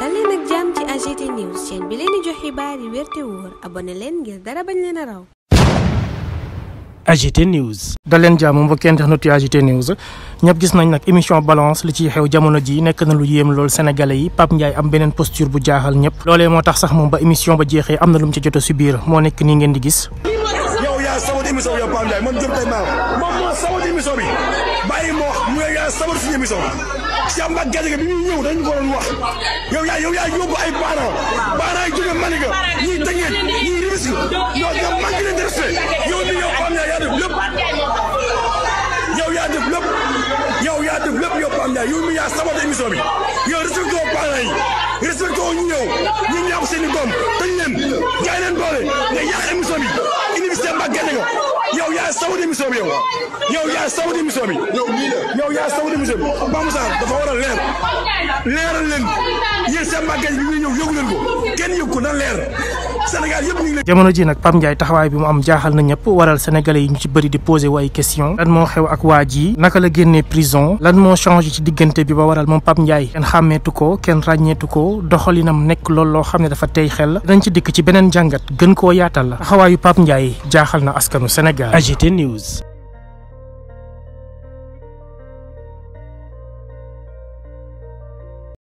dal leen ak jàmm ci AGT news chaîne leen di jox a raw. AGT news. da leen gis nañ nag émission balance li ciy xew jamono ji nekk na lu yéem lool sénégalais yi Pape Ndiaye am beneen posture bu jaaxal ñëpp. loolee moo tax sax moom ba émission ba jeexee am na lu mu ci jot a subir moo nekk nii ngeen di gis. yow yaa sabot émission bi yow Pape Ndiaye moom moo sabot émission bi yow yaa sabar suñu émission Cheikh Mbacke Gadiaga bi ñuy ñëw dañu ko doon wax yow yaa yow yaa yóbbu ay parents parents yi jóge Malika ñuy tëjee ñuy rëbisi yow nga manqué leen de respect yow mii yow Pape Ndiaye yaa def lépp yow yaa def lépp yow yaa def lépp yow Pape Ndiaye yow mii yaa sabar émission bi yow respecté woo parents yi respecté woo ñu ñëw ñu ñàpp seen i doom tëj leen jaay leen doole. sawdi émission bi yow yow yaa sawdi émission bi yow yaa sawdi émission bi Pape Moussa dafa war a leer leeral leen yéen seen màggal bi ñu ñëw yëgu leen ko kenn yëg na leer Sénégal yëpp ñu ngi jamono ji nag Pape Ndiaye taxawaay bi mu am jaaxal na ñëpp waral sénégalais yi ñu ci bëri di posé wu ay question lan moo xew ak waa ji naka la génnee prison lan moo changé ci diggante bi ba waral moom Pape njaay kenn xàmmeetu ko kenn ràññeetu ko doxalinam nekk loolu loo xam ne dafa tey xel la dañ ci dikk ci beneen jàngat gën koo yaatal la taxawaayu Pape Ndiaye jaaxal na askanu Sénégal AGT News